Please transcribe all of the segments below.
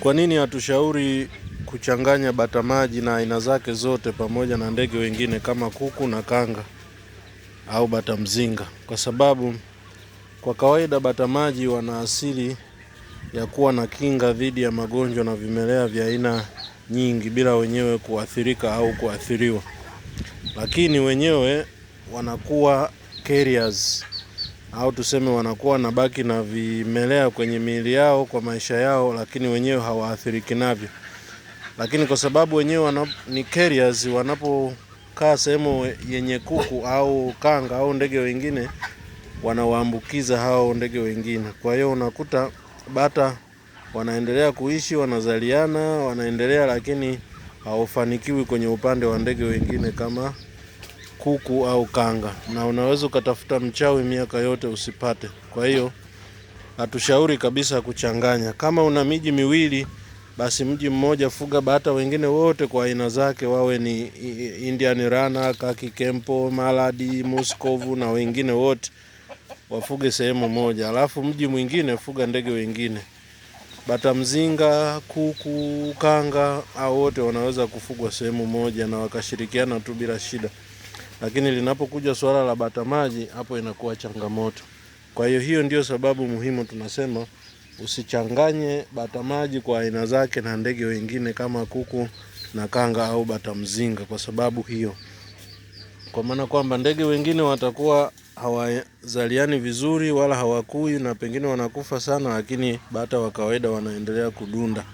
Kwa nini hatushauri kuchanganya bata maji na aina zake zote pamoja na ndege wengine kama kuku na kanga au bata mzinga? Kwa sababu kwa kawaida bata maji wana asili ya kuwa na kinga dhidi ya magonjwa na vimelea vya aina nyingi bila wenyewe kuathirika au kuathiriwa, lakini wenyewe wanakuwa carriers au tuseme wanakuwa wanabaki na vimelea kwenye miili yao kwa maisha yao, lakini wenyewe hawaathiriki navyo. Lakini kwa sababu wenyewe ni carriers, wanapokaa sehemu yenye kuku au kanga au ndege wengine wanawaambukiza hao ndege wengine. Kwa hiyo unakuta bata wanaendelea kuishi, wanazaliana, wanaendelea, lakini haufanikiwi kwenye upande wa ndege wengine kama kuku au kanga, na unaweza ukatafuta mchawi miaka yote usipate. Kwa hiyo hatushauri kabisa kuchanganya. Kama una miji miwili, basi mji mmoja fuga bata wengine wote kwa aina zake, wawe ni Indian Rana, Kaki Kempo, Maladi, Muskovu na wengine wote wafuge sehemu moja, alafu mji mwingine fuga ndege wengine, bata mzinga, kuku, kanga, au wote wanaweza kufugwa sehemu moja na wakashirikiana tu bila shida lakini linapokuja suala la bata maji, hapo inakuwa changamoto. Kwa hiyo hiyo ndio sababu muhimu tunasema usichanganye bata maji kwa aina zake na ndege wengine kama kuku na kanga au bata mzinga, kwa sababu hiyo, kwa maana kwamba ndege wengine watakuwa hawazaliani vizuri wala hawakui na pengine wanakufa sana, lakini bata wa kawaida wanaendelea kudunda,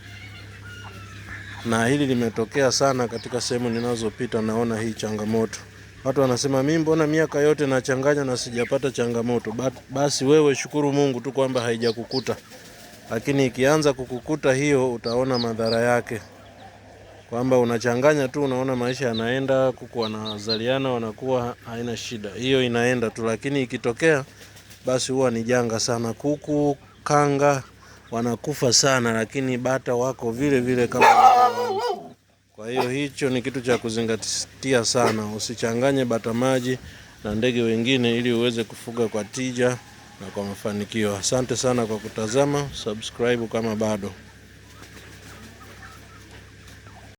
na hili limetokea sana katika sehemu ninazopita, naona hii changamoto. Watu wanasema mimi mbona miaka yote nachanganya na sijapata changamoto. Basi wewe shukuru Mungu tu kwamba haijakukuta, lakini ikianza kukukuta hiyo, utaona madhara yake, kwamba unachanganya tu, unaona maisha yanaenda, kuku wanazaliana, wanakuwa, haina shida, hiyo inaenda tu, lakini ikitokea, basi huwa ni janga sana. Kuku kanga wanakufa sana, lakini bata wako vile vile kama kwa hiyo hicho ni kitu cha kuzingatia sana, usichanganye bata maji na ndege wengine ili uweze kufuga kwa tija na kwa mafanikio. Asante sana kwa kutazama, subscribe kama bado.